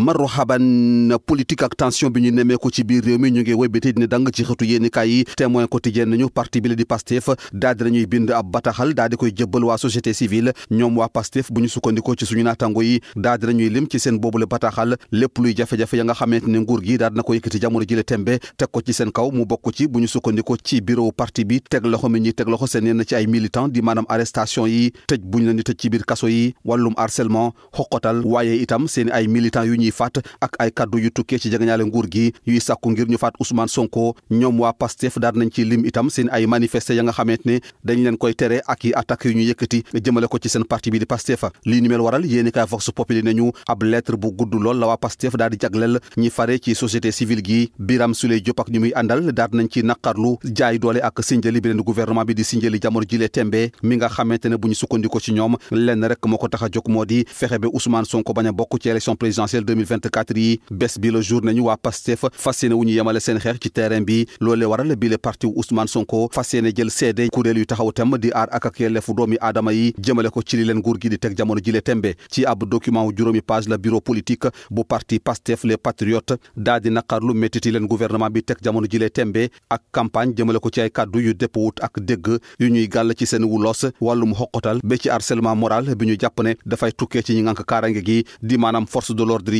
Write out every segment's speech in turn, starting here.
marhaban politique ak tension bi ñu nemmeeku ci biir réew mi ñu ngi woy ba tey dina dang ci xëtu yi témoin quotidien koy jëbbal waa société civile ñoom waa Pastef bu ñu sukkandikoo ci suñu naatango yi daal di nañuy lim ci nguur gi daal dina ko yëkkati jamono jile tembe teg ko ci seen kaw mu bokk ci bu ñu sukkandikoo teg loxo mi ñuy teg di maanaam arrestation yi tëj bu ñu leen di tëj ci biir kaso yi wàllum harcèlement xoqotal waaye itam seen ay militant yu ñuy ñuy faat ak ay kaddu yu tukkee ci jegeñaale nguur gi yuy sàkku ngir ñu faat Ousmane Sonko ñoom waa Pastef daal nañ ci lim itam seen ay manifesté ya nga ne dañ leen ci seen parti bi di Pastef Biram Souleye Diop ak ñu muy àndal daal nañ ci naqarlu jaay doole ak sinjali beneen gouvernement bi di sinjali jamono jile tembe mi nga xamante ne bu ñu sukkandiko ci ñoom lenn rek moo ko tax a jóg moo di fexe ba Ousmane Sonko bañ a bokk ci 2024 yi bés bi la jour nañu waa Pastef fas wu ñu yemale seen xeex ci terrain bi loolee waral bi le parti Ousmane Sonko fas jël seede kuréel yu taxaw tem di aar ak yelleefu doomi aadama yi jëmale ko ci li leen nguur gi di teg jamono jile tembe ci ab document juróomi page la bureau politique bu parti Pastef les patriotes daa di naqarlu méttiti leen gouvernement bi teg jamono jile tembe ak campagne jëmale ko ci ay kàddu yu dëppwut ak dégg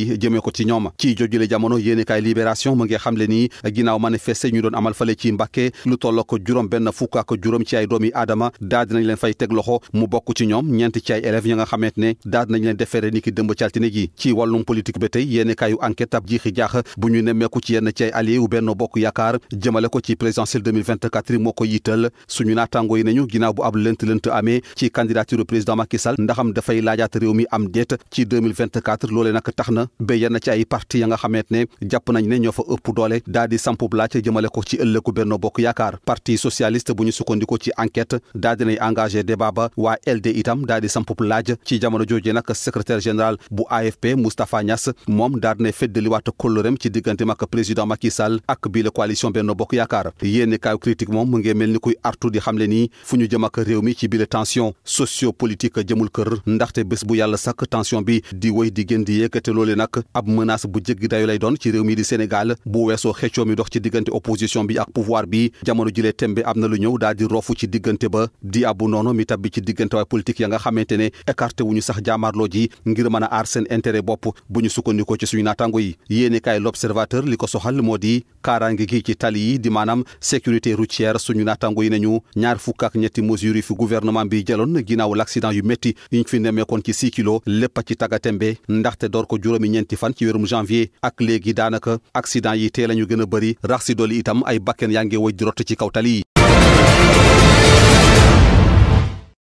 yi jëmee ko ci ñoom ci jojule jamono yéene kaay libération mu ngi xam le nii ginnaaw manifesté ñu doon amal fale ci Mbàkke lu tolloo ko juróom benn fukk ak juróom ci ay doomi aadama daal dinañ leen fay teg loxo mu bokk ci ñoom ñeent ci ay élèves ña nga xamante ne daal dinañ leen defere ni ki dëmb caltine gi ci wàllum politique ba tey yéene kaayu enquête ab jiixi jaax bu ñu nemmeeku ci yenn ci ay allié wu benn bokk yaakaar jëmale ko ci présidentielle yi moo ko yiital suñu naataango yi nañu ginnaaw bu ab ci candidature président Macky Sall ndaxam dafay laajaat ba yenn ci ay parti ya nga xamante ne jàpp nañ ne ñoo fa ëpp doole daal di sampub laaj jëmale ko ci ëllëgu benn Bokk Yaakaar parti socialiste bu ñu sukkandikoo ci enquête daal dinay engagé débat ba waa LD itam daal di sampub laaj ci jamono jooju nag secrétaire général bu AFP Moustapha Niass moom daal dinay feddaliwaat kóllëreem ci diggante mag président Macky Sall ak bii la coalition Benno Bokk Yaakaar yéenni kaayu critique moom mu ngi mel ni kuy artu di xamle nii fu ñu jëm ak réew mi ci bi di wéy di gën di yékkate nag ab menace bu jéggi dayo doon ci réew mi di Sénégal bu weesoo xëccoo mi dox ci diggante opposition bi ak pouvoir bi jamono jilee tembe am na lu ñëw daal di roofu ci diggante ba di abu noonu mi tabbi ci diggante waay politique ya nga xamante ne écarté wuñu sax jaamaarloo ngir mën a aar seen bopp bu ñu sukkandikoo ci suñu naataango yi yéeni kaay li ko soxal moo di kaaraange gi ci tali di maanaam sécurité routière suñu naataango ñeenti fan ci wérum janvier ak léegi daanaka accident yi tee lañu gën a bëri rax si itam ay bakken yaa ngi wëj di rott ci kaw tali yi